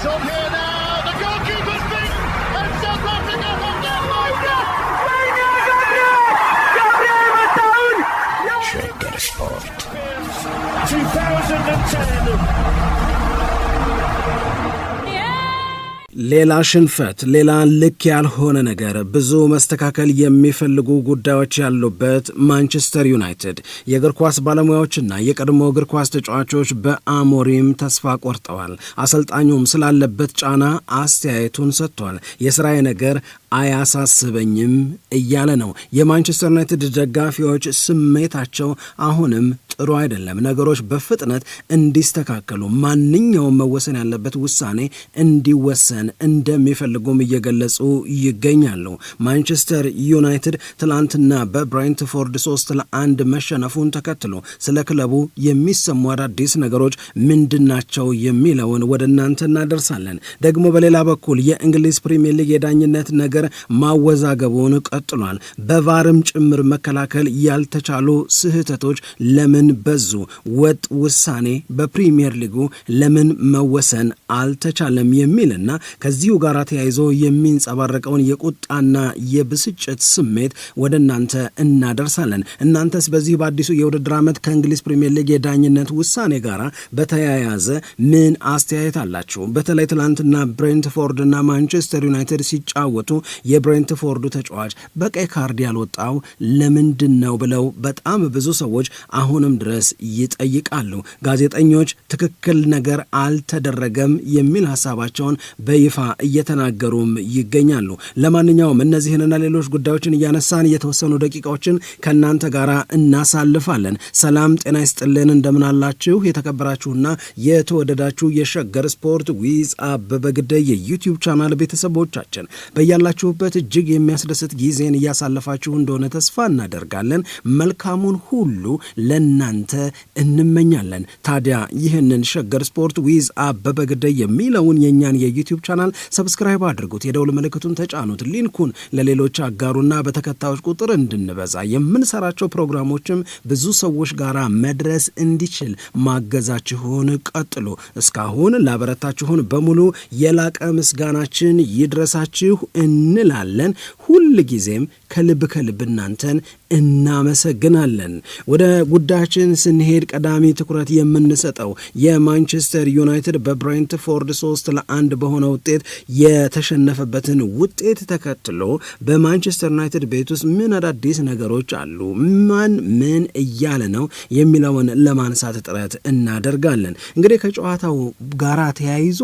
It's on here. ሌላ ሽንፈት፣ ሌላ ልክ ያልሆነ ነገር፣ ብዙ መስተካከል የሚፈልጉ ጉዳዮች ያሉበት ማንቸስተር ዩናይትድ የእግር ኳስ ባለሙያዎችና የቀድሞ እግር ኳስ ተጫዋቾች በአሞሪም ተስፋ ቆርጠዋል። አሰልጣኙም ስላለበት ጫና አስተያየቱን ሰጥቷል። የስራዬ ነገር አያሳስበኝም እያለ ነው። የማንቸስተር ዩናይትድ ደጋፊዎች ስሜታቸው አሁንም ጥሩ አይደለም። ነገሮች በፍጥነት እንዲስተካከሉ ማንኛውም መወሰን ያለበት ውሳኔ እንዲወሰን እንደሚፈልጉም እየገለጹ ይገኛሉ። ማንቸስተር ዩናይትድ ትላንትና በብራይንትፎርድ ሶስት ለአንድ መሸነፉን ተከትሎ ስለ ክለቡ የሚሰሙ አዳዲስ ነገሮች ምንድናቸው የሚለውን ወደ እናንተ እናደርሳለን። ደግሞ በሌላ በኩል የእንግሊዝ ፕሪምየር ሊግ የዳኝነት ነገር ማወዛገቡን ቀጥሏል። በቫርም ጭምር መከላከል ያልተቻሉ ስህተቶች ለምን በዙ? ወጥ ውሳኔ በፕሪምየር ሊጉ ለምን መወሰን አልተቻለም? የሚልና ከዚሁ ጋር ተያይዞ የሚንጸባረቀውን የቁጣና የብስጭት ስሜት ወደ እናንተ እናደርሳለን። እናንተስ በዚህ በአዲሱ የውድድር ዓመት ከእንግሊዝ ፕሪምየር ሊግ የዳኝነት ውሳኔ ጋር በተያያዘ ምን አስተያየት አላችሁ? በተለይ ብሬንትፎርድ ብሬንትፎርድና ማንቸስተር ዩናይትድ ሲጫወቱ የብሬንትፎርዱ ተጫዋች በቀይ ካርድ ያልወጣው ለምንድን ነው ብለው በጣም ብዙ ሰዎች አሁንም ድረስ ይጠይቃሉ። ጋዜጠኞች ትክክል ነገር አልተደረገም የሚል ሀሳባቸውን በ በይፋ እየተናገሩም ይገኛሉ። ለማንኛውም እነዚህንና ሌሎች ጉዳዮችን እያነሳን የተወሰኑ ደቂቃዎችን ከእናንተ ጋር እናሳልፋለን። ሰላም ጤና ይስጥልን፣ እንደምናላችሁ የተከበራችሁና የተወደዳችሁ የሸገር ስፖርት ዊዝ አበበ ግደይ የዩቲዩብ ቻናል ቤተሰቦቻችን በያላችሁበት እጅግ የሚያስደስት ጊዜን እያሳለፋችሁ እንደሆነ ተስፋ እናደርጋለን። መልካሙን ሁሉ ለናንተ እንመኛለን። ታዲያ ይህንን ሸገር ስፖርት ዊዝ አበበ ግደይ የሚለውን የእኛን የዩቲዩብ ቻናል ሰብስክራይብ አድርጉት፣ የደውል ምልክቱን ተጫኑት፣ ሊንኩን ለሌሎች አጋሩና በተከታዮች ቁጥር እንድንበዛ የምንሰራቸው ፕሮግራሞችም ብዙ ሰዎች ጋር መድረስ እንዲችል ማገዛችሁን ቀጥሉ። እስካሁን ላበረታችሁን በሙሉ የላቀ ምስጋናችን ይድረሳችሁ እንላለን። ሁል ጊዜም ከልብ ከልብ እናንተን እናመሰግናለን። ወደ ጉዳያችን ስንሄድ ቀዳሚ ትኩረት የምንሰጠው የማንቸስተር ዩናይትድ በብሬንትፎርድ ሶስት ለአንድ በሆነ ውጤት የተሸነፈበትን ውጤት ተከትሎ በማንቸስተር ዩናይትድ ቤት ውስጥ ምን አዳዲስ ነገሮች አሉ፣ ማን ምን እያለ ነው የሚለውን ለማንሳት ጥረት እናደርጋለን። እንግዲህ ከጨዋታው ጋራ ተያይዞ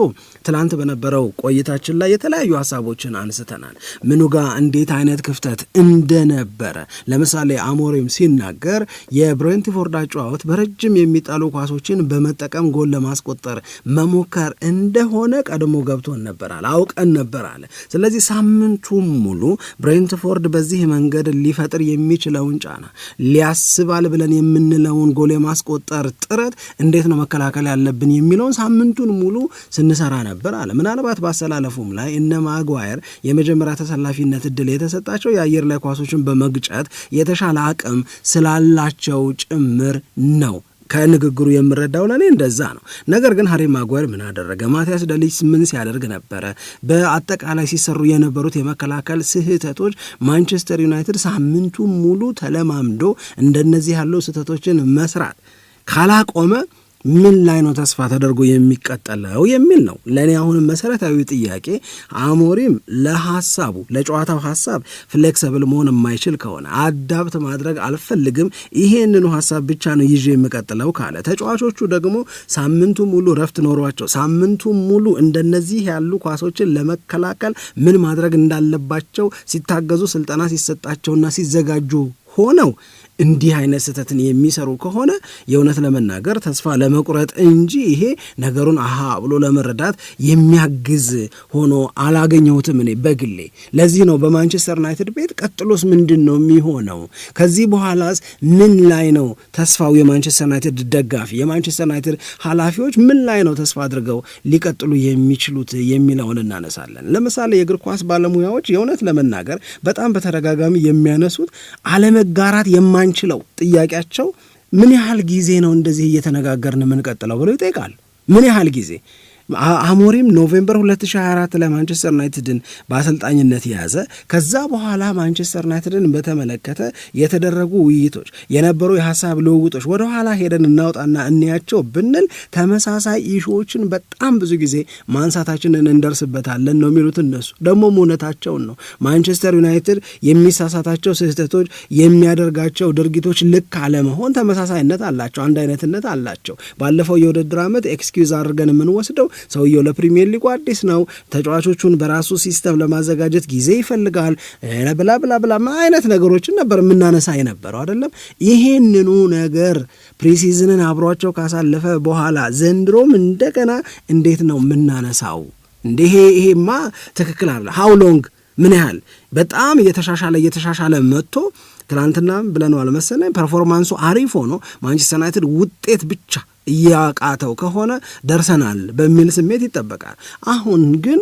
ትላንት በነበረው ቆይታችን ላይ የተለያዩ ሀሳቦችን አንስተናል። ምኑ ጋ እንዴት አይነት ክፍተት እንደነበረ ለምሳሌ አሞሪም ሲናገር የብሬንትፎርድ አጨዋወት በረጅም የሚጣሉ ኳሶችን በመጠቀም ጎል ለማስቆጠር መሞከር እንደሆነ ቀድሞ ገብቶን ነበራል፣ አውቀን ነበራል። ስለዚህ ሳምንቱ ሙሉ ብሬንትፎርድ በዚህ መንገድ ሊፈጥር የሚችለውን ጫና ሊያስባል ብለን የምንለውን ጎል የማስቆጠር ጥረት እንዴት ነው መከላከል ያለብን የሚለውን ሳምንቱን ሙሉ ስንሰራ ነበር አለ። ምናልባት ባሰላለፉም ላይ እነ ማግዋየር የመጀመሪያ ተሰላፊነት እድል እድል የተሰጣቸው የአየር ላይ ኳሶችን በመግጨት የተሻለ አቅም ስላላቸው ጭምር ነው። ከንግግሩ የምረዳው ለእኔ እንደዛ ነው። ነገር ግን ሀሪ ማጓየር ምን አደረገ? ማቲያስ ደልጅ ምን ሲያደርግ ነበረ? በአጠቃላይ ሲሰሩ የነበሩት የመከላከል ስህተቶች ማንቸስተር ዩናይትድ ሳምንቱ ሙሉ ተለማምዶ እንደነዚህ ያለው ስህተቶችን መስራት ካላቆመ ምን ላይ ነው ተስፋ ተደርጎ የሚቀጠለው የሚል ነው ለእኔ አሁንም መሰረታዊ ጥያቄ። አሞሪም ለሀሳቡ ለጨዋታው ሀሳብ ፍሌክሰብል መሆን የማይችል ከሆነ አዳብት ማድረግ አልፈልግም፣ ይሄንኑ ሀሳብ ብቻ ነው ይዤ የምቀጥለው ካለ ተጫዋቾቹ ደግሞ ሳምንቱ ሙሉ ረፍት ኖሯቸው ሳምንቱ ሙሉ እንደነዚህ ያሉ ኳሶችን ለመከላከል ምን ማድረግ እንዳለባቸው ሲታገዙ ስልጠና ሲሰጣቸውና ሲዘጋጁ ሆነው እንዲህ አይነት ስህተትን የሚሰሩ ከሆነ የእውነት ለመናገር ተስፋ ለመቁረጥ እንጂ ይሄ ነገሩን አሃ ብሎ ለመረዳት የሚያግዝ ሆኖ አላገኘሁትም እኔ በግሌ። ለዚህ ነው በማንቸስተር ዩናይትድ ቤት ቀጥሎስ ምንድን ነው የሚሆነው? ከዚህ በኋላስ ምን ላይ ነው ተስፋው? የማንቸስተር ዩናይትድ ደጋፊ፣ የማንቸስተር ዩናይትድ ኃላፊዎች ምን ላይ ነው ተስፋ አድርገው ሊቀጥሉ የሚችሉት የሚለውን እናነሳለን። ለምሳሌ የእግር ኳስ ባለሙያዎች የእውነት ለመናገር በጣም በተደጋጋሚ የሚያነሱት አለመጋራት የማ የማንችለው ጥያቄያቸው ምን ያህል ጊዜ ነው እንደዚህ እየተነጋገርን የምንቀጥለው ብለው ይጠይቃል። ምን ያህል ጊዜ አሞሪም ኖቬምበር 2024 ላይ ማንቸስተር ዩናይትድን በአሰልጣኝነት የያዘ ከዛ በኋላ ማንቸስተር ዩናይትድን በተመለከተ የተደረጉ ውይይቶች የነበሩ የሀሳብ ልውውጦች ወደ ኋላ ሄደን እናውጣና እንያቸው ብንል ተመሳሳይ ኢሹዎችን በጣም ብዙ ጊዜ ማንሳታችንን እንደርስበታለን ነው የሚሉት እነሱ። ደግሞም እውነታቸውን ነው። ማንቸስተር ዩናይትድ የሚሳሳታቸው ስህተቶች፣ የሚያደርጋቸው ድርጊቶች ልክ አለመሆን ተመሳሳይነት አላቸው፣ አንድ አይነትነት አላቸው። ባለፈው የውድድር ዓመት ኤክስኪውዝ አድርገን የምንወስደው ሰውየው ለፕሪሚየር ሊጉ አዲስ ነው። ተጫዋቾቹን በራሱ ሲስተም ለማዘጋጀት ጊዜ ይፈልጋል ብላ ብላ ብላ አይነት ነገሮችን ነበር የምናነሳ የነበረው አይደለም። ይሄንኑ ነገር ፕሪሲዝንን አብሯቸው ካሳለፈ በኋላ ዘንድሮም እንደገና እንዴት ነው የምናነሳው? እንደ ይሄማ ትክክል አለ። ሀው ሎንግ ምን ያህል በጣም እየተሻሻለ እየተሻሻለ መጥቶ ትናንትና ብለነዋል መሰለኝ ፐርፎርማንሱ አሪፍ ሆኖ ማንቸስተር ዩናይትድ ውጤት ብቻ እያቃተው ከሆነ ደርሰናል በሚል ስሜት ይጠበቃል። አሁን ግን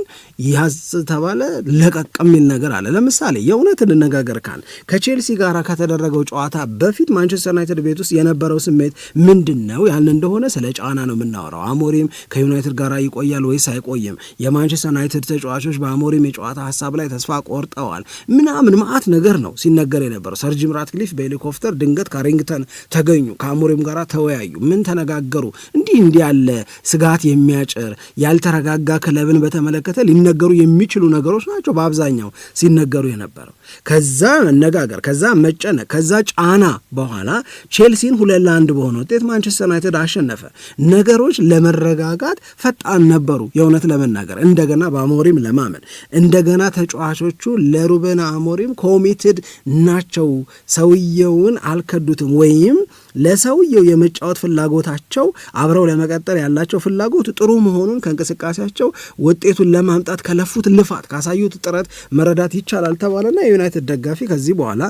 ያዝ ተባለ ለቀቅ የሚል ነገር አለ። ለምሳሌ የእውነት እንነጋገር ካል ከቼልሲ ጋር ከተደረገው ጨዋታ በፊት ማንቸስተር ዩናይትድ ቤት ውስጥ የነበረው ስሜት ምንድን ነው ያልን እንደሆነ ስለ ጫና ነው የምናወራው። አሞሪም ከዩናይትድ ጋር ይቆያል ወይስ አይቆይም? የማንቸስተር ዩናይትድ ተጫዋቾች በአሞሪም የጨዋታ ሀሳብ ላይ ተስፋ ቆርጠዋል ምናምን ማአት ነገር ነው ሲነገር የነበረው። ሰር ጂም ራትክሊፍ በሄሊኮፕተር ድንገት ካሪንግተን ተገኙ፣ ከአሞሪም ጋር ተወያዩ። ምን ተነጋ ሲናገሩ እንዲህ እንዲህ ያለ ስጋት የሚያጭር ያልተረጋጋ ክለብን በተመለከተ ሊነገሩ የሚችሉ ነገሮች ናቸው በአብዛኛው ሲነገሩ የነበረው። ከዛ መነጋገር፣ ከዛ መጨነቅ፣ ከዛ ጫና በኋላ ቼልሲን ሁለት ለአንድ በሆነ ውጤት ማንቸስተር ዩናይትድ አሸነፈ። ነገሮች ለመረጋጋት ፈጣን ነበሩ። የእውነት ለመናገር እንደገና በአሞሪም ለማመን እንደገና ተጫዋቾቹ ለሩበን አሞሪም ኮሚትድ ናቸው፣ ሰውየውን አልከዱትም ወይም ለሰውየው የመጫወት ፍላጎታቸው አብረው ለመቀጠል ያላቸው ፍላጎት ጥሩ መሆኑን ከእንቅስቃሴያቸው ውጤቱን ለማምጣት ከለፉት ልፋት ካሳዩት ጥረት መረዳት ይቻላል ተባለና የዩናይትድ ደጋፊ ከዚህ በኋላ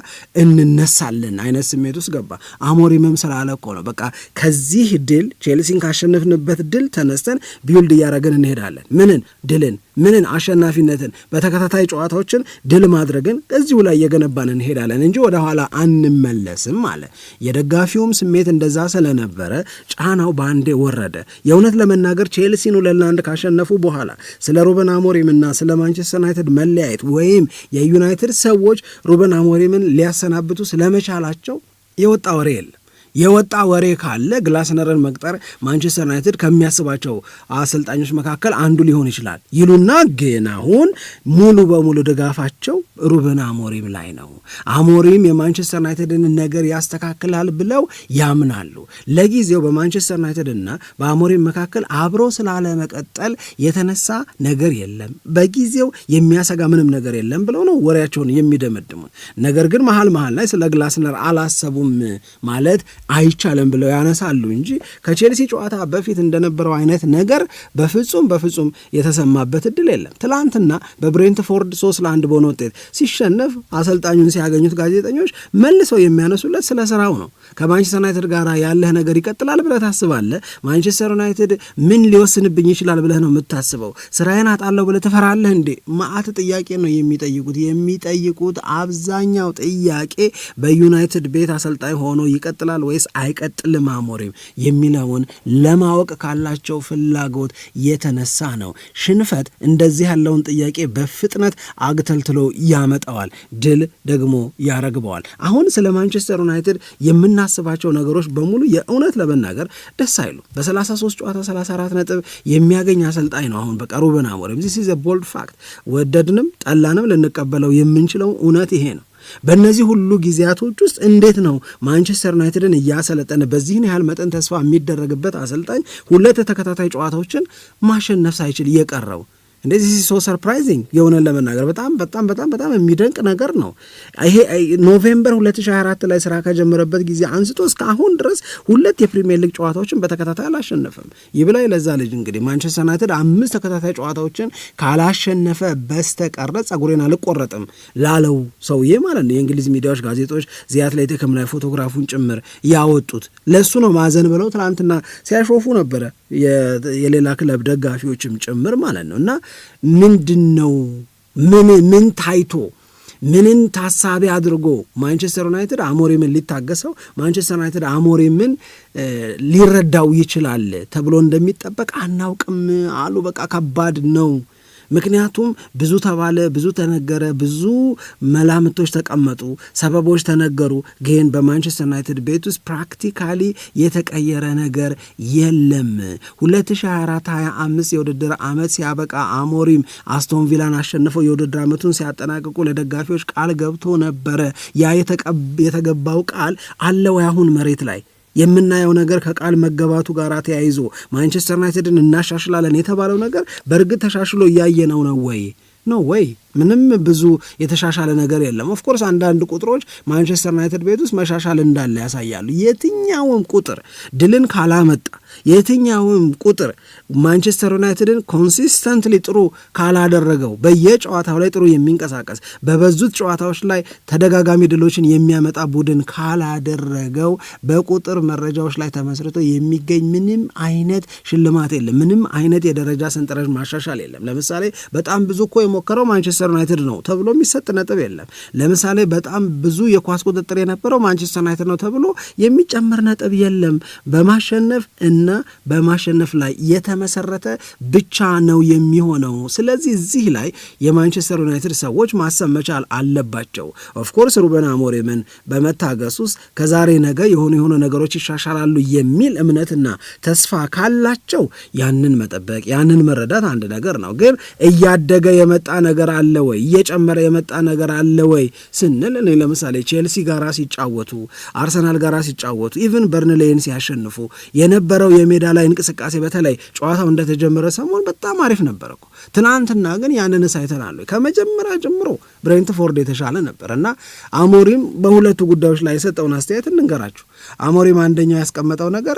እንነሳለን አይነት ስሜት ውስጥ ገባ። አሞሪምም ስላለቆ ነው በቃ ከዚህ ድል ቼልሲን ካሸነፍንበት ድል ተነስተን ቢውልድ እያደረግን እንሄዳለን። ምንን ድልን ምንን አሸናፊነትን በተከታታይ ጨዋታዎችን ድል ማድረግን እዚሁ ላይ እየገነባን እንሄዳለን እንጂ ወደኋላ አንመለስም አለ። የደጋፊውም ስሜት እንደዛ ስለነበረ ጫናው በአንዴ ወረደ። የእውነት ለመናገር ቼልሲን ሁለት ለአንድ ካሸነፉ በኋላ ስለ ሩበን አሞሪምና ስለ ማንቸስተር ዩናይትድ መለያየት ወይም የዩናይትድ ሰዎች ሩበን አሞሪምን ሊያሰናብቱ ስለመቻላቸው የወጣ ወሬ የለም። የወጣ ወሬ ካለ ግላስነርን መቅጠር ማንቸስተር ዩናይትድ ከሚያስባቸው አሰልጣኞች መካከል አንዱ ሊሆን ይችላል ይሉና ግን አሁን ሙሉ በሙሉ ድጋፋቸው ሩበን አሞሪም ላይ ነው። አሞሪም የማንቸስተር ዩናይትድን ነገር ያስተካክላል ብለው ያምናሉ። ለጊዜው በማንቸስተር ዩናይትድና በአሞሪም መካከል አብሮ ስላለመቀጠል የተነሳ ነገር የለም፣ በጊዜው የሚያሰጋ ምንም ነገር የለም ብለው ነው ወሬያቸውን የሚደመድሙት። ነገር ግን መሀል መሀል ላይ ስለ ግላስነር አላሰቡም ማለት አይቻልም ብለው ያነሳሉ እንጂ ከቼልሲ ጨዋታ በፊት እንደነበረው አይነት ነገር በፍጹም በፍጹም የተሰማበት እድል የለም። ትላንትና በብሬንትፎርድ ሶስት ለአንድ በሆነ ውጤት ሲሸነፍ አሰልጣኙን ሲያገኙት ጋዜጠኞች መልሰው የሚያነሱለት ስለ ስራው ነው። ከማንቸስተር ዩናይትድ ጋር ያለህ ነገር ይቀጥላል ብለህ ታስባለህ? ማንቸስተር ዩናይትድ ምን ሊወስንብኝ ይችላል ብለህ ነው የምታስበው? ስራዬን አጣለሁ ብለህ ትፈራለህ እንዴ? ማአት ጥያቄ ነው የሚጠይቁት የሚጠይቁት አብዛኛው ጥያቄ በዩናይትድ ቤት አሰልጣኝ ሆኖ ይቀጥላል ወይ ወይስ አይቀጥልም አሞሪም የሚለውን ለማወቅ ካላቸው ፍላጎት የተነሳ ነው። ሽንፈት እንደዚህ ያለውን ጥያቄ በፍጥነት አግተልትሎ ያመጣዋል፣ ድል ደግሞ ያረግበዋል። አሁን ስለ ማንቸስተር ዩናይትድ የምናስባቸው ነገሮች በሙሉ የእውነት ለመናገር ደስ አይሉ። በ33 ጨዋታ 34 ነጥብ የሚያገኝ አሰልጣኝ ነው አሁን በቃ ሩበን አሞሪም። ዚስ ኢዝ ቦልድ ፋክት፣ ወደድንም ጠላንም ልንቀበለው የምንችለው እውነት ይሄ ነው። በእነዚህ ሁሉ ጊዜያቶች ውስጥ እንዴት ነው ማንቸስተር ዩናይትድን እያሰለጠነ በዚህን ያህል መጠን ተስፋ የሚደረግበት አሰልጣኝ ሁለት ተከታታይ ጨዋታዎችን ማሸነፍ ሳይችል እየቀረው? እንደዚህ ሲሶ ሰርፕራይዚንግ የሆነን ለመናገር በጣም በጣም በጣም በጣም የሚደንቅ ነገር ነው። ይሄ ኖቬምበር 2024 ላይ ስራ ከጀመረበት ጊዜ አንስቶ እስከ አሁን ድረስ ሁለት የፕሪሚየር ሊግ ጨዋታዎችን በተከታታይ አላሸነፈም። ይብላኝ ለዛ ልጅ እንግዲህ ማንቸስተር ዩናይትድ አምስት ተከታታይ ጨዋታዎችን ካላሸነፈ በስተቀረ ጸጉሬን አልቆረጥም ላለው ሰውዬ ማለት ነው የእንግሊዝ ሚዲያዎች፣ ጋዜጦች ዚ አትሌቲክም ላይ ፎቶግራፉን ጭምር ያወጡት ለሱ ነው ማዘን ብለው ትናንትና ሲያሾፉ ነበረ የሌላ ክለብ ደጋፊዎችም ጭምር ማለት ነው እና ምንድን ነው ምን ምን ታይቶ ምንን ታሳቢ አድርጎ ማንቸስተር ዩናይትድ አሞሪምን ሊታገሰው ማንቸስተር ዩናይትድ አሞሪምን ሊረዳው ይችላል ተብሎ እንደሚጠበቅ አናውቅም አሉ። በቃ ከባድ ነው ምክንያቱም ብዙ ተባለ፣ ብዙ ተነገረ፣ ብዙ መላምቶች ተቀመጡ፣ ሰበቦች ተነገሩ። ግን በማንቸስተር ዩናይትድ ቤት ውስጥ ፕራክቲካሊ የተቀየረ ነገር የለም። 2024/25 የውድድር ዓመት ሲያበቃ አሞሪም አስቶን ቪላን አሸንፈው የውድድር ዓመቱን ሲያጠናቅቁ ለደጋፊዎች ቃል ገብቶ ነበረ። ያ የተገባው ቃል አለው ያሁን አሁን መሬት ላይ የምናየው ነገር ከቃል መገባቱ ጋር ተያይዞ ማንቸስተር ዩናይትድን እናሻሽላለን የተባለው ነገር በእርግጥ ተሻሽሎ እያየነው ነው ወይ ነው ወይ ምንም ብዙ የተሻሻለ ነገር የለም። ኦፍኮርስ አንዳንድ ቁጥሮች ማንቸስተር ዩናይትድ ቤት ውስጥ መሻሻል እንዳለ ያሳያሉ። የትኛውም ቁጥር ድልን ካላመጣ፣ የትኛውም ቁጥር ማንቸስተር ዩናይትድን ኮንሲስተንትሊ ጥሩ ካላደረገው፣ በየጨዋታው ላይ ጥሩ የሚንቀሳቀስ በበዙት ጨዋታዎች ላይ ተደጋጋሚ ድሎችን የሚያመጣ ቡድን ካላደረገው፣ በቁጥር መረጃዎች ላይ ተመስርቶ የሚገኝ ምንም አይነት ሽልማት የለም። ምንም አይነት የደረጃ ሰንጠረዥ ማሻሻል የለም። ለምሳሌ በጣም ብዙ እኮ የሞከረው ማንቸስተር ማንቸስተር ዩናይትድ ነው ተብሎ የሚሰጥ ነጥብ የለም። ለምሳሌ በጣም ብዙ የኳስ ቁጥጥር የነበረው ማንቸስተር ዩናይትድ ነው ተብሎ የሚጨምር ነጥብ የለም። በማሸነፍ እና በማሸነፍ ላይ የተመሰረተ ብቻ ነው የሚሆነው። ስለዚህ እዚህ ላይ የማንቸስተር ዩናይትድ ሰዎች ማሰብ መቻል አለባቸው። ኦፍኮርስ ሩበን አሞሪምን በመታገስ ውስጥ ከዛሬ ነገ የሆኑ የሆኑ ነገሮች ይሻሻላሉ የሚል እምነትና ተስፋ ካላቸው ያንን መጠበቅ ያንን መረዳት አንድ ነገር ነው። ግን እያደገ የመጣ ነገር አለ አለ ወይ እየጨመረ የመጣ ነገር አለ ወይ ስንል እኔ ለምሳሌ ቼልሲ ጋራ ሲጫወቱ፣ አርሰናል ጋራ ሲጫወቱ፣ ኢቭን በርንሌይን ሲያሸንፉ የነበረው የሜዳ ላይ እንቅስቃሴ በተለይ ጨዋታው እንደተጀመረ ሰሞን በጣም አሪፍ ነበር እኮ። ትናንትና ግን ያንን ሳይተናል ወይ ከመጀመሪያ ጀምሮ ብሬንትፎርድ የተሻለ ነበር እና አሞሪም በሁለቱ ጉዳዮች ላይ የሰጠውን አስተያየት እንንገራችሁ። አሞሪም አንደኛው ያስቀመጠው ነገር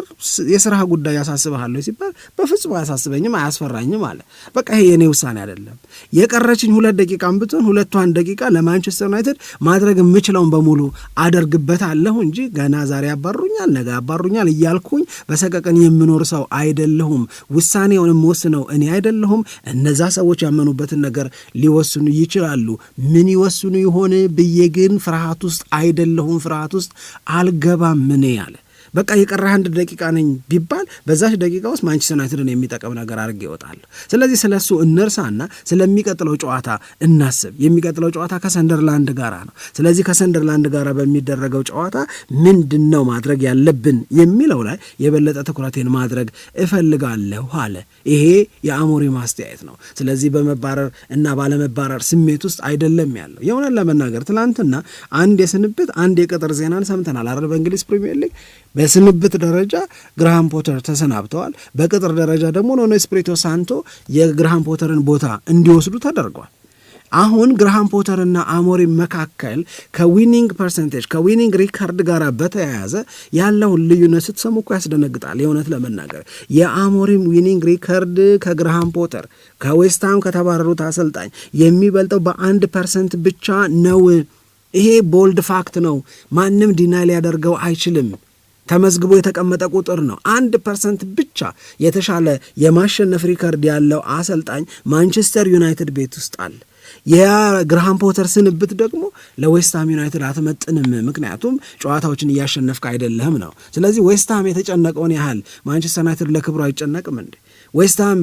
የስራ ጉዳይ ያሳስበሃል ሲባል በፍጹም አያሳስበኝም አያስፈራኝም አለ። በቃ ይሄ የኔ ውሳኔ አይደለም። የቀረችኝ ሁለት ደቂቃም ብትሆን አንድ ደቂቃ ለማንቸስተር ዩናይትድ ማድረግ የምችለውን በሙሉ አደርግበታለሁ እንጂ ገና ዛሬ ያባሩኛል፣ ነገ ያባሩኛል እያልኩኝ በሰቀቀን የምኖር ሰው አይደለሁም። ውሳኔውን የምወስነው እኔ አይደለሁም። እነዛ ሰዎች ያመኑበትን ነገር ሊወስኑ ይችላሉ። ምን ይወስኑ ይሆን ብዬ ግን ፍርሃት ውስጥ አይደለሁም። ፍርሃት ውስጥ አልገባም። ምን አለ በቃ የቀረ አንድ ደቂቃ ነኝ ቢባል በዛች ደቂቃ ውስጥ ማንቸስተር ዩናይትድን የሚጠቅም ነገር አድርጌ ይወጣል። ስለዚህ ስለ እሱ እነርሳና ስለሚቀጥለው ጨዋታ እናስብ። የሚቀጥለው ጨዋታ ከሰንደርላንድ ጋር ነው። ስለዚህ ከሰንደርላንድ ጋር በሚደረገው ጨዋታ ምንድን ነው ማድረግ ያለብን የሚለው ላይ የበለጠ ትኩረቴን ማድረግ እፈልጋለሁ አለ። ይሄ የአሞሪ ማስተያየት ነው። ስለዚህ በመባረር እና ባለመባረር ስሜት ውስጥ አይደለም ያለው። የሆነን ለመናገር ትላንትና አንድ የስንብት አንድ የቅጥር ዜናን ሰምተናል አረ በእንግሊዝ ፕሪሚየር ሊግ በስንብት ደረጃ ግራሃም ፖተር ተሰናብተዋል። በቅጥር ደረጃ ደግሞ ኖኖ ኤስፒሪቶ ሳንቶ የግራሃም ፖተርን ቦታ እንዲወስዱ ተደርጓል። አሁን ግርሃም ፖተርና አሞሪም መካከል ከዊኒንግ ፐርሰንቴጅ ከዊኒንግ ሪከርድ ጋር በተያያዘ ያለውን ልዩነት ስትሰሙ እኮ ያስደነግጣል። የእውነት ለመናገር የአሞሪም ዊኒንግ ሪከርድ ከግራሃም ፖተር ከዌስትሃም ከተባረሩት አሰልጣኝ የሚበልጠው በአንድ ፐርሰንት ብቻ ነው። ይሄ ቦልድ ፋክት ነው። ማንም ዲና ሊያደርገው አይችልም። ተመዝግቦ የተቀመጠ ቁጥር ነው። አንድ ፐርሰንት ብቻ የተሻለ የማሸነፍ ሪከርድ ያለው አሰልጣኝ ማንቸስተር ዩናይትድ ቤት ውስጥ አለ። የግርሃም ፖተር ስንብት ደግሞ ለዌስትሃም ዩናይትድ አትመጥንም፣ ምክንያቱም ጨዋታዎችን እያሸነፍክ አይደለህም ነው። ስለዚህ ዌስትሃም የተጨነቀውን ያህል ማንቸስተር ዩናይትድ ለክብሩ አይጨነቅም እንዴ? ዌስትሃም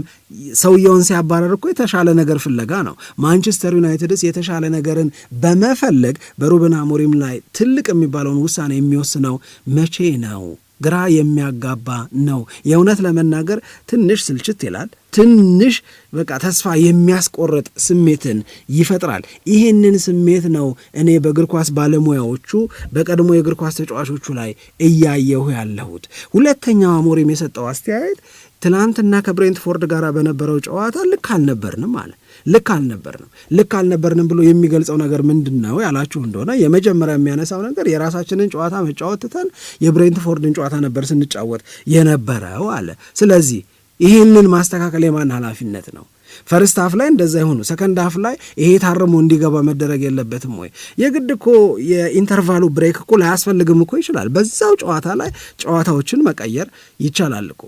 ሰውየውን ሲያባረር እኮ የተሻለ ነገር ፍለጋ ነው። ማንቸስተር ዩናይትድስ የተሻለ ነገርን በመፈለግ በሩበን አሞሪም ላይ ትልቅ የሚባለውን ውሳኔ የሚወስነው መቼ ነው? ግራ የሚያጋባ ነው። የእውነት ለመናገር ትንሽ ስልችት ይላል። ትንሽ በቃ ተስፋ የሚያስቆርጥ ስሜትን ይፈጥራል። ይህንን ስሜት ነው እኔ በእግር ኳስ ባለሙያዎቹ በቀድሞ የእግር ኳስ ተጫዋቾቹ ላይ እያየሁ ያለሁት። ሁለተኛው አሞሪም የሰጠው አስተያየት ትናንትና ከብሬንትፎርድ ጋር በነበረው ጨዋታ ልክ አልነበርንም አለ። ልክ አልነበርንም ልክ አልነበርንም ብሎ የሚገልጸው ነገር ምንድን ነው ያላችሁ እንደሆነ የመጀመሪያ የሚያነሳው ነገር የራሳችንን ጨዋታ መጫወት ትተን የብሬንትፎርድን ጨዋታ ነበር ስንጫወት የነበረው አለ። ስለዚህ ይህንን ማስተካከል የማን ኃላፊነት ነው? ፈርስት ሀፍ ላይ እንደዛ ይሁኑ፣ ሰከንድ ሀፍ ላይ ይሄ ታርሞ እንዲገባ መደረግ የለበትም ወይ? የግድ እኮ የኢንተርቫሉ ብሬክ እኮ ላያስፈልግም እኮ ይችላል። በዛው ጨዋታ ላይ ጨዋታዎችን መቀየር ይቻላል እኮ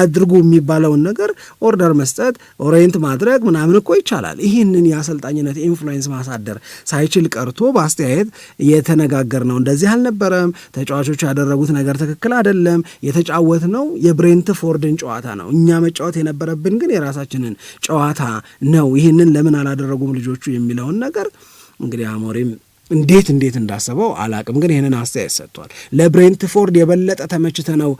አድርጉ የሚባለውን ነገር ኦርደር መስጠት፣ ኦሪየንት ማድረግ ምናምን እኮ ይቻላል። ይህንን የአሰልጣኝነት ኢንፍሉዌንስ ማሳደር ሳይችል ቀርቶ በአስተያየት የተነጋገር ነው እንደዚህ አልነበረም፣ ተጫዋቾች ያደረጉት ነገር ትክክል አይደለም፣ የተጫወት ነው የብሬንት ፎርድን ጨዋታ ነው እኛ መጫወት የነበረብን ግን የራሳችንን ጨዋታ ነው። ይህንን ለምን አላደረጉም ልጆቹ የሚለውን ነገር እንግዲህ አሞሪም እንዴት እንዴት እንዳሰበው አላቅም፣ ግን ይህንን አስተያየት ሰጥቷል። ለብሬንትፎርድ የበለጠ ተመችተ ነው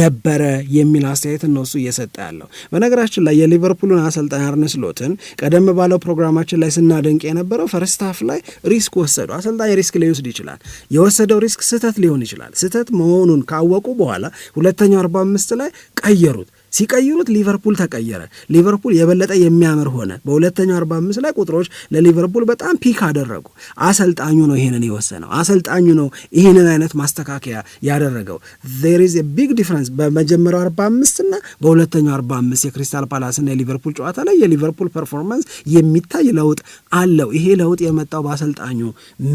ነበረ የሚል አስተያየትን ነው እሱ እየሰጠ ያለው። በነገራችን ላይ የሊቨርፑልን አሰልጣኝ አርነስ ሎትን ቀደም ባለው ፕሮግራማችን ላይ ስናደንቅ የነበረው ፈርስታፍ ላይ ሪስክ ወሰዱ። አሰልጣኝ ሪስክ ሊወስድ ይችላል። የወሰደው ሪስክ ስህተት ሊሆን ይችላል። ስህተት መሆኑን ካወቁ በኋላ ሁለተኛው 45 ላይ ቀየሩት። ሲቀይሩት ሊቨርፑል ተቀየረ። ሊቨርፑል የበለጠ የሚያምር ሆነ። በሁለተኛው 45 ላይ ቁጥሮች ለሊቨርፑል በጣም ፒክ አደረጉ። አሰልጣኙ ነው ይህንን የወሰነው። አሰልጣኙ ነው ይህንን አይነት ማስተካከያ ያደረገው። ዜር ኢዝ ቢግ ዲፍረንስ በመጀመሪያው 45 እና በሁለተኛው 45 የክሪስታል ፓላስና የሊቨርፑል ጨዋታ ላይ የሊቨርፑል ፐርፎርማንስ የሚታይ ለውጥ አለው። ይሄ ለውጥ የመጣው በአሰልጣኙ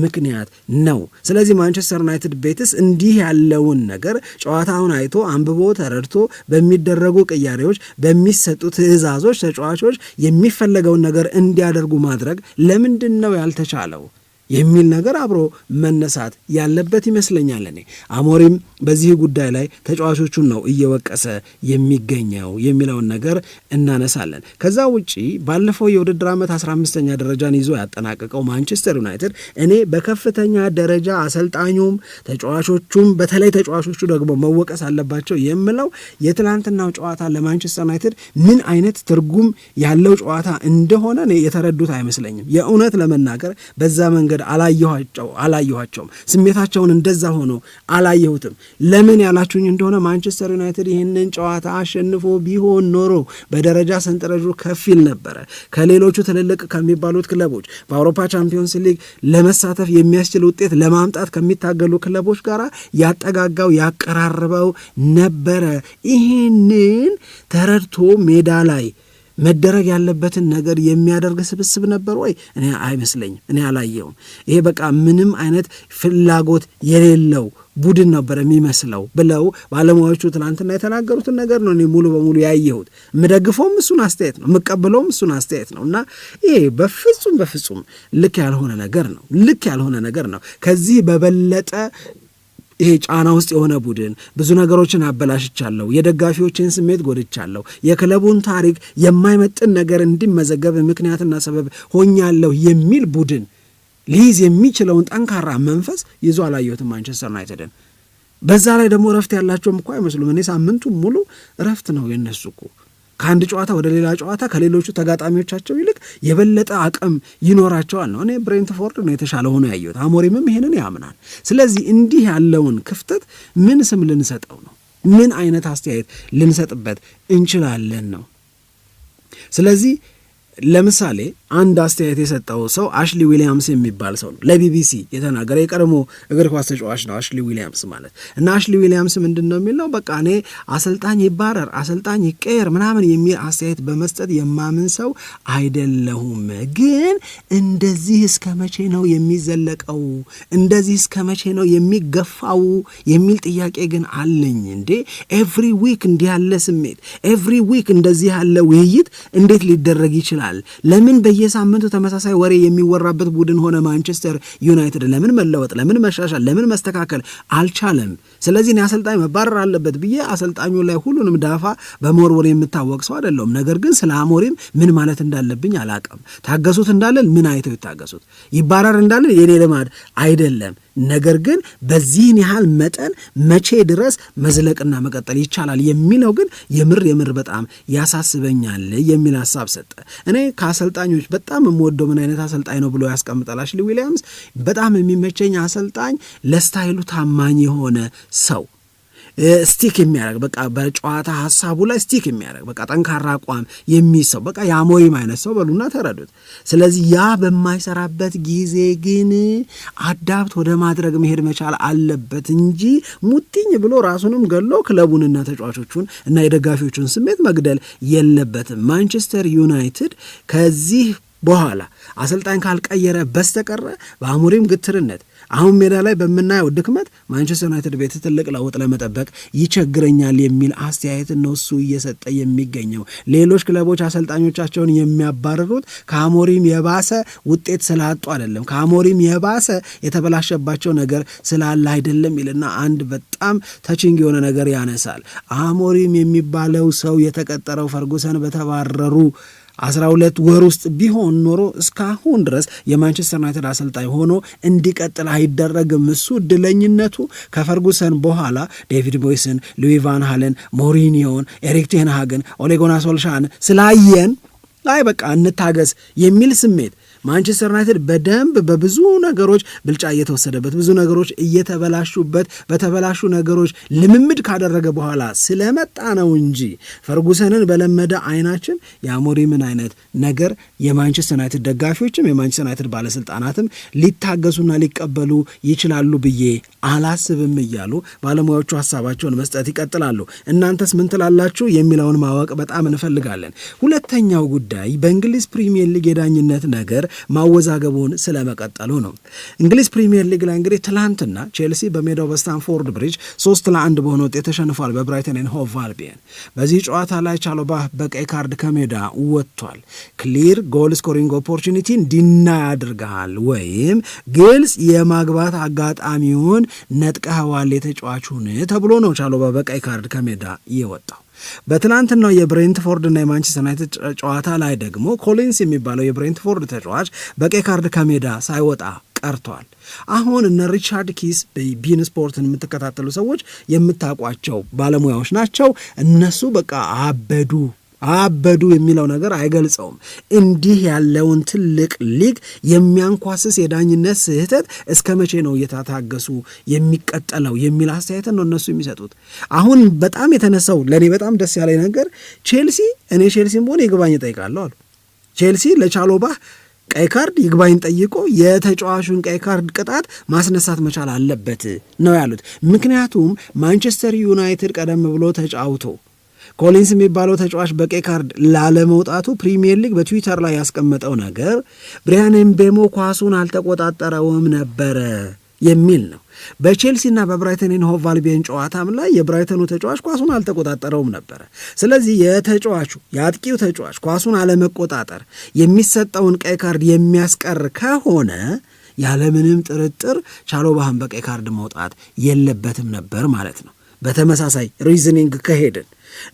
ምክንያት ነው። ስለዚህ ማንቸስተር ዩናይትድ ቤትስ እንዲህ ያለውን ነገር ጨዋታውን አይቶ አንብቦ ተረድቶ በሚደረጉ ቅያሬዎች፣ በሚሰጡ ትዕዛዞች ተጫዋቾች የሚፈለገውን ነገር እንዲያደርጉ ማድረግ ለምንድን ነው ያልተቻለው? የሚል ነገር አብሮ መነሳት ያለበት ይመስለኛል። እኔ አሞሪም በዚህ ጉዳይ ላይ ተጫዋቾቹን ነው እየወቀሰ የሚገኘው የሚለውን ነገር እናነሳለን። ከዛ ውጪ ባለፈው የውድድር ዓመት 15ኛ ደረጃን ይዞ ያጠናቀቀው ማንቸስተር ዩናይትድ እኔ በከፍተኛ ደረጃ አሰልጣኙም ተጫዋቾቹም፣ በተለይ ተጫዋቾቹ ደግሞ መወቀስ አለባቸው የምለው የትናንትናው ጨዋታ ለማንቸስተር ዩናይትድ ምን አይነት ትርጉም ያለው ጨዋታ እንደሆነ የተረዱት አይመስለኝም። የእውነት ለመናገር በዛ መንገድ መንገድ አላየኋቸው አላየኋቸውም ስሜታቸውን እንደዛ ሆኖ አላየሁትም። ለምን ያላችሁኝ እንደሆነ ማንቸስተር ዩናይትድ ይህንን ጨዋታ አሸንፎ ቢሆን ኖሮ በደረጃ ሰንጠረዡ ከፍ ይል ነበረ። ከሌሎቹ ትልልቅ ከሚባሉት ክለቦች በአውሮፓ ቻምፒዮንስ ሊግ ለመሳተፍ የሚያስችል ውጤት ለማምጣት ከሚታገሉ ክለቦች ጋር ያጠጋጋው ያቀራርበው ነበረ። ይህንን ተረድቶ ሜዳ ላይ መደረግ ያለበትን ነገር የሚያደርግ ስብስብ ነበር ወይ? እኔ አይመስለኝም። እኔ አላየውም። ይሄ በቃ ምንም አይነት ፍላጎት የሌለው ቡድን ነበር የሚመስለው ብለው ባለሙያዎቹ ትናንትና የተናገሩትን ነገር ነው እኔ ሙሉ በሙሉ ያየሁት። የምደግፈውም እሱን አስተያየት ነው፣ የምቀበለውም እሱን አስተያየት ነው። እና ይሄ በፍጹም በፍጹም ልክ ያልሆነ ነገር ነው፣ ልክ ያልሆነ ነገር ነው። ከዚህ በበለጠ ይሄ ጫና ውስጥ የሆነ ቡድን ብዙ ነገሮችን አበላሽቻለሁ፣ የደጋፊዎችን ስሜት ጎድቻለሁ፣ የክለቡን ታሪክ የማይመጥን ነገር እንዲመዘገብ ምክንያትና ሰበብ ሆኛለሁ የሚል ቡድን ሊይዝ የሚችለውን ጠንካራ መንፈስ ይዞ አላየሁትም ማንቸስተር ዩናይትድን። በዛ ላይ ደግሞ እረፍት ያላቸውም እኮ አይመስሉም። እኔ ሳምንቱ ሙሉ እረፍት ነው የነሱ እኮ ከአንድ ጨዋታ ወደ ሌላ ጨዋታ ከሌሎቹ ተጋጣሚዎቻቸው ይልቅ የበለጠ አቅም ይኖራቸዋል ነው። እኔ ብሬንትፎርድ ነው የተሻለ ሆኖ ያየሁት። አሞሪምም ይሄንን ያምናል። ስለዚህ እንዲህ ያለውን ክፍተት ምን ስም ልንሰጠው ነው? ምን አይነት አስተያየት ልንሰጥበት እንችላለን ነው። ስለዚህ ለምሳሌ አንድ አስተያየት የሰጠው ሰው አሽሊ ዊሊያምስ የሚባል ሰው ነው። ለቢቢሲ የተናገረ የቀድሞ እግር ኳስ ተጫዋች ነው አሽሊ ዊሊያምስ ማለት እና አሽሊ ዊሊያምስ ምንድን ነው የሚለው በቃ እኔ አሰልጣኝ ይባረር፣ አሰልጣኝ ይቀየር ምናምን የሚል አስተያየት በመስጠት የማምን ሰው አይደለሁም። ግን እንደዚህ እስከ መቼ ነው የሚዘለቀው? እንደዚህ እስከ መቼ ነው የሚገፋው? የሚል ጥያቄ ግን አለኝ። እንዴ ኤቭሪ ዊክ እንዲህ ያለ ስሜት፣ ኤቭሪ ዊክ እንደዚህ ያለ ውይይት እንዴት ሊደረግ ይችላል? ለምን በየ በየሳምንቱ ተመሳሳይ ወሬ የሚወራበት ቡድን ሆነ ማንቸስተር ዩናይትድ። ለምን መለወጥ፣ ለምን መሻሻል፣ ለምን መስተካከል አልቻለም? ስለዚህ አሰልጣኝ መባረር አለበት ብዬ አሰልጣኙ ላይ ሁሉንም ዳፋ በመወርወር የምታወቅ ሰው አይደለሁም። ነገር ግን ስለ አሞሪም ምን ማለት እንዳለብኝ አላውቅም። ታገሱት እንዳለን ምን አይተው ይታገሱት፣ ይባረር እንዳለን የኔ ልማድ አይደለም። ነገር ግን በዚህን ያህል መጠን መቼ ድረስ መዝለቅና መቀጠል ይቻላል የሚለው ግን የምር የምር በጣም ያሳስበኛል የሚል ሀሳብ ሰጠ። እኔ ከአሰልጣኞች በጣም የምወደው ምን አይነት አሰልጣኝ ነው ብሎ ያስቀምጣል አሽሊ ዊሊያምስ። በጣም የሚመቸኝ አሰልጣኝ ለስታይሉ ታማኝ የሆነ ሰው ስቲክ የሚያደርግ በቃ በጨዋታ ሀሳቡ ላይ ስቲክ የሚያደርግ በቃ ጠንካራ አቋም የሚሰው በቃ የአሞሪም አይነት ሰው በሉና ተረዱት። ስለዚህ ያ በማይሰራበት ጊዜ ግን አዳፕት ወደ ማድረግ መሄድ መቻል አለበት እንጂ ሙጥኝ ብሎ ራሱንም ገሎ ክለቡንና ተጫዋቾቹን እና የደጋፊዎቹን ስሜት መግደል የለበትም። ማንቸስተር ዩናይትድ ከዚህ በኋላ አሰልጣኝ ካልቀየረ በስተቀረ በአሙሪም ግትርነት አሁን ሜዳ ላይ በምናየው ድክመት ማንቸስተር ዩናይትድ ቤት ትልቅ ለውጥ ለመጠበቅ ይቸግረኛል የሚል አስተያየት ነው እሱ እየሰጠ የሚገኘው። ሌሎች ክለቦች አሰልጣኞቻቸውን የሚያባረሩት ከአሞሪም የባሰ ውጤት ስላጡ አይደለም፣ ከአሞሪም የባሰ የተበላሸባቸው ነገር ስላለ አይደለም ይልና አንድ በጣም ተቺንግ የሆነ ነገር ያነሳል። አሞሪም የሚባለው ሰው የተቀጠረው ፈርጉሰን በተባረሩ አስራ ሁለት ወር ውስጥ ቢሆን ኖሮ እስካሁን ድረስ የማንቸስተር ዩናይትድ አሰልጣኝ ሆኖ እንዲቀጥል አይደረግም። እሱ እድለኝነቱ ከፈርጉሰን በኋላ ዴቪድ ቦይስን፣ ሉዊ ቫን ሃለን፣ ሞሪኒዮን፣ ኤሪክ ቴንሃግን፣ ኦሌጎና ሶልሻን ስላየን አይ በቃ እንታገስ የሚል ስሜት ማንቸስተር ዩናይትድ በደንብ በብዙ ነገሮች ብልጫ እየተወሰደበት ብዙ ነገሮች እየተበላሹበት በተበላሹ ነገሮች ልምምድ ካደረገ በኋላ ስለመጣ ነው እንጂ ፈርጉሰንን በለመደ አይናችን የአሞሪምን አይነት ነገር የማንቸስተር ዩናይትድ ደጋፊዎችም የማንቸስተር ዩናይትድ ባለስልጣናትም ሊታገሱና ሊቀበሉ ይችላሉ ብዬ አላስብም እያሉ ባለሙያዎቹ ሀሳባቸውን መስጠት ይቀጥላሉ። እናንተስ ምን ትላላችሁ የሚለውን ማወቅ በጣም እንፈልጋለን። ሁለተኛው ጉዳይ በእንግሊዝ ፕሪሚየር ሊግ የዳኝነት ነገር ማወዛገቡን ስለመቀጠሉ ነው። እንግሊዝ ፕሪሚየር ሊግ ላይ እንግዲህ ትላንትና ቼልሲ በሜዳው በስታንፎርድ ብሪጅ ሶስት ለአንድ በሆነ ውጤት ተሸንፏል በብራይተን ኤንድ ሆቭ አልቢየን። በዚህ ጨዋታ ላይ ቻሎባ በቀይ ካርድ ከሜዳ ወጥቷል። ክሊር ጎል ስኮሪንግ ኦፖርቹኒቲ እንዲና ያድርግሃል ወይም ግልጽ የማግባት አጋጣሚውን ነጥቀህዋል የተጫዋቹን ተብሎ ነው ቻሎባ በቀይ ካርድ ከሜዳ የወጣው። በትናንትናው የብሬንትፎርድና የማንቸስተር ዩናይትድ ጨዋታ ላይ ደግሞ ኮሊንስ የሚባለው የብሬንትፎርድ ተጫዋች በቀይ ካርድ ከሜዳ ሳይወጣ ቀርቷል። አሁን እነ ሪቻርድ ኪስ ቢን ስፖርትን የምትከታተሉ ሰዎች የምታውቋቸው ባለሙያዎች ናቸው። እነሱ በቃ አበዱ አበዱ የሚለው ነገር አይገልጸውም። እንዲህ ያለውን ትልቅ ሊግ የሚያንኳስስ የዳኝነት ስህተት እስከ መቼ ነው እየተታገሱ የሚቀጠለው የሚል አስተያየትን ነው እነሱ የሚሰጡት። አሁን በጣም የተነሳው ለእኔ በጣም ደስ ያለኝ ነገር ቼልሲ፣ እኔ ቼልሲም ሆነ ይግባኝ እጠይቃለሁ አሉ። ቼልሲ ለቻሎባህ ቀይ ካርድ ይግባኝ ጠይቆ የተጫዋቹን ቀይ ካርድ ቅጣት ማስነሳት መቻል አለበት ነው ያሉት። ምክንያቱም ማንቸስተር ዩናይትድ ቀደም ብሎ ተጫውቶ ኮሊንስ የሚባለው ተጫዋች በቀይ ካርድ ላለመውጣቱ ፕሪሚየር ሊግ በትዊተር ላይ ያስቀመጠው ነገር ብሪያን ኤምቤሞ ኳሱን አልተቆጣጠረውም ነበረ የሚል ነው። በቼልሲና በብራይተን ኤንድ ሆቭ አልቢዮን ጨዋታም ላይ የብራይተኑ ተጫዋች ኳሱን አልተቆጣጠረውም ነበረ። ስለዚህ የተጫዋቹ የአጥቂው ተጫዋች ኳሱን አለመቆጣጠር የሚሰጠውን ቀይ ካርድ የሚያስቀር ከሆነ ያለምንም ጥርጥር ቻሎባህን በቀይ ካርድ መውጣት የለበትም ነበር ማለት ነው። በተመሳሳይ ሪዝኒንግ ከሄድን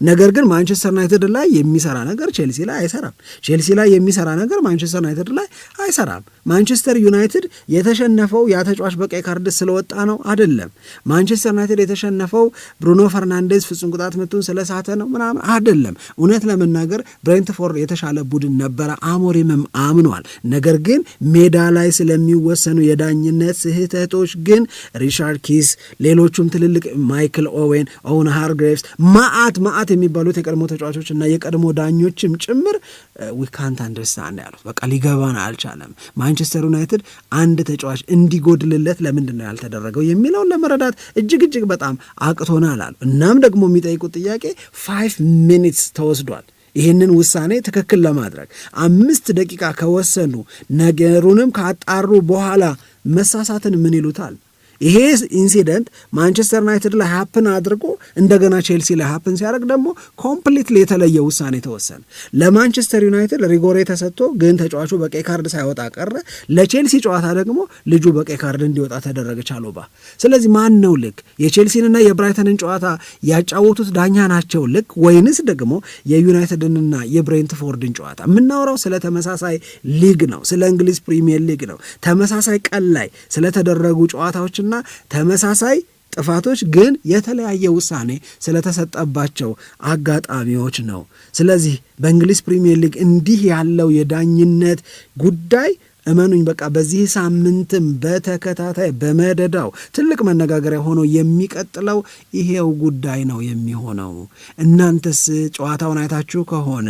ነገር ግን ማንቸስተር ዩናይትድ ላይ የሚሰራ ነገር ቼልሲ ላይ አይሰራም። ቼልሲ ላይ የሚሰራ ነገር ማንቸስተር ዩናይትድ ላይ አይሰራም። ማንቸስተር ዩናይትድ የተሸነፈው ያ ተጫዋች በቀይ ካርድ ስለወጣ ነው አይደለም። ማንቸስተር ዩናይትድ የተሸነፈው ብሩኖ ፈርናንዴዝ ፍጹም ቅጣት ምቱን ስለሳተ ነው ምናምን አይደለም። እውነት ለመናገር ብሬንትፎርድ የተሻለ ቡድን ነበረ፣ አሞሪምም አምኗል። ነገር ግን ሜዳ ላይ ስለሚወሰኑ የዳኝነት ስህተቶች ግን ሪቻርድ ኪስ፣ ሌሎቹም ትልልቅ ማይክል ኦዌን፣ ኦውን ሃርግሬቭስ ማአት ማአት የሚባሉት የቀድሞ ተጫዋቾች እና የቀድሞ ዳኞችም ጭምር ዊካንት uh, አንደርስታንድ ያሉት በቃ ሊገባን አልቻለም። ማንቸስተር ዩናይትድ አንድ ተጫዋች እንዲጎድልለት ለምንድን ነው ያልተደረገው የሚለውን ለመረዳት እጅግ እጅግ በጣም አቅቶናል አሉ። እናም ደግሞ የሚጠይቁት ጥያቄ ፋይቭ ሚኒትስ ተወስዷል። ይህንን ውሳኔ ትክክል ለማድረግ አምስት ደቂቃ ከወሰኑ ነገሩንም ካጣሩ በኋላ መሳሳትን ምን ይሉታል? ይሄ ኢንሲደንት ማንቸስተር ዩናይትድ ላይ ሀፕን አድርጎ እንደገና ቼልሲ ላይ ሀፕን ሲያደርግ ደግሞ ኮምፕሊትሊ የተለየ ውሳኔ ተወሰነ። ለማንቸስተር ዩናይትድ ሪጎሬ ተሰጥቶ ግን ተጫዋቹ በቀይ ካርድ ሳይወጣ ቀረ። ለቼልሲ ጨዋታ ደግሞ ልጁ በቀይ ካርድ እንዲወጣ ተደረገ ቻሎባ። ስለዚህ ማን ነው ልክ? የቼልሲንና የብራይተንን ጨዋታ ያጫወቱት ዳኛ ናቸው ልክ ወይንስ ደግሞ የዩናይትድንና የብሬንትፎርድን ጨዋታ? የምናወራው ስለ ተመሳሳይ ሊግ ነው፣ ስለ እንግሊዝ ፕሪሚየር ሊግ ነው። ተመሳሳይ ቀን ላይ ስለተደረጉ ጨዋታዎችና እና ተመሳሳይ ጥፋቶች ግን የተለያየ ውሳኔ ስለተሰጠባቸው አጋጣሚዎች ነው። ስለዚህ በእንግሊዝ ፕሪምየር ሊግ እንዲህ ያለው የዳኝነት ጉዳይ እመኑኝ በቃ በዚህ ሳምንትም በተከታታይ በመደዳው ትልቅ መነጋገሪያ ሆኖ የሚቀጥለው ይሄው ጉዳይ ነው የሚሆነው። እናንተስ ጨዋታውን አይታችሁ ከሆነ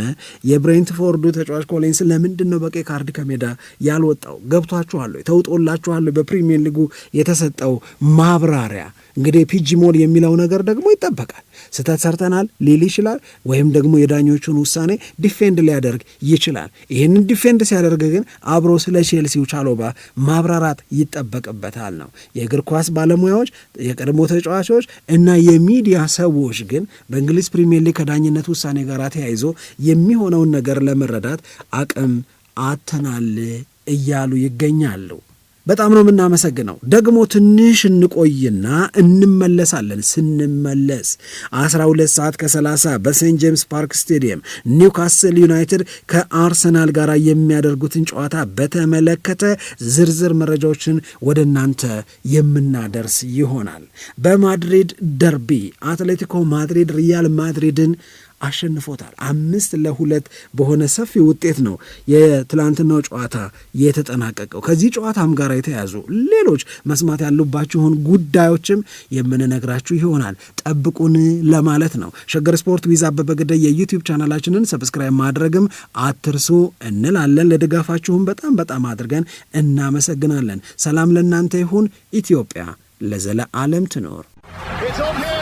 የብሬንትፎርዱ ተጫዋች ኮሊንስ ለምንድን ነው በቀይ ካርድ ከሜዳ ያልወጣው? ገብቷችኋል? ተውጦላችኋል? በፕሪሚየር ሊጉ የተሰጠው ማብራሪያ እንግዲህ ፒጂ ሞል የሚለው ነገር ደግሞ ይጠበቃል። ስህተት ሰርተናል ሊል ይችላል፣ ወይም ደግሞ የዳኞቹን ውሳኔ ዲፌንድ ሊያደርግ ይችላል። ይህንን ዲፌንድ ሲያደርግ ግን አብሮ ስለ ቼልሲው ቻሎባ ማብራራት ይጠበቅበታል ነው የእግር ኳስ ባለሙያዎች፣ የቀድሞ ተጫዋቾች እና የሚዲያ ሰዎች ግን በእንግሊዝ ፕሪሚየር ሊግ ከዳኝነት ውሳኔ ጋር ተያይዞ የሚሆነውን ነገር ለመረዳት አቅም አተናል እያሉ ይገኛሉ። በጣም ነው የምናመሰግነው። ደግሞ ትንሽ እንቆይና እንመለሳለን። ስንመለስ 12 ሰዓት ከ30 በሴንት ጄምስ ፓርክ ስቴዲየም ኒውካስል ዩናይትድ ከአርሰናል ጋር የሚያደርጉትን ጨዋታ በተመለከተ ዝርዝር መረጃዎችን ወደ እናንተ የምናደርስ ይሆናል። በማድሪድ ደርቢ አትሌቲኮ ማድሪድ ሪያል ማድሪድን አሸንፎታል። አምስት ለሁለት በሆነ ሰፊ ውጤት ነው የትላንትናው ጨዋታ የተጠናቀቀው። ከዚህ ጨዋታም ጋር የተያዙ ሌሎች መስማት ያሉባችሁን ጉዳዮችም የምንነግራችሁ ይሆናል። ጠብቁን ለማለት ነው። ሸገር ስፖርት ዊዛ አበበ ግደይ የዩቲዩብ ቻናላችንን ሰብስክራይብ ማድረግም አትርሱ እንላለን። ለድጋፋችሁም በጣም በጣም አድርገን እናመሰግናለን። ሰላም ለእናንተ ይሁን። ኢትዮጵያ ለዘለዓለም ትኖር።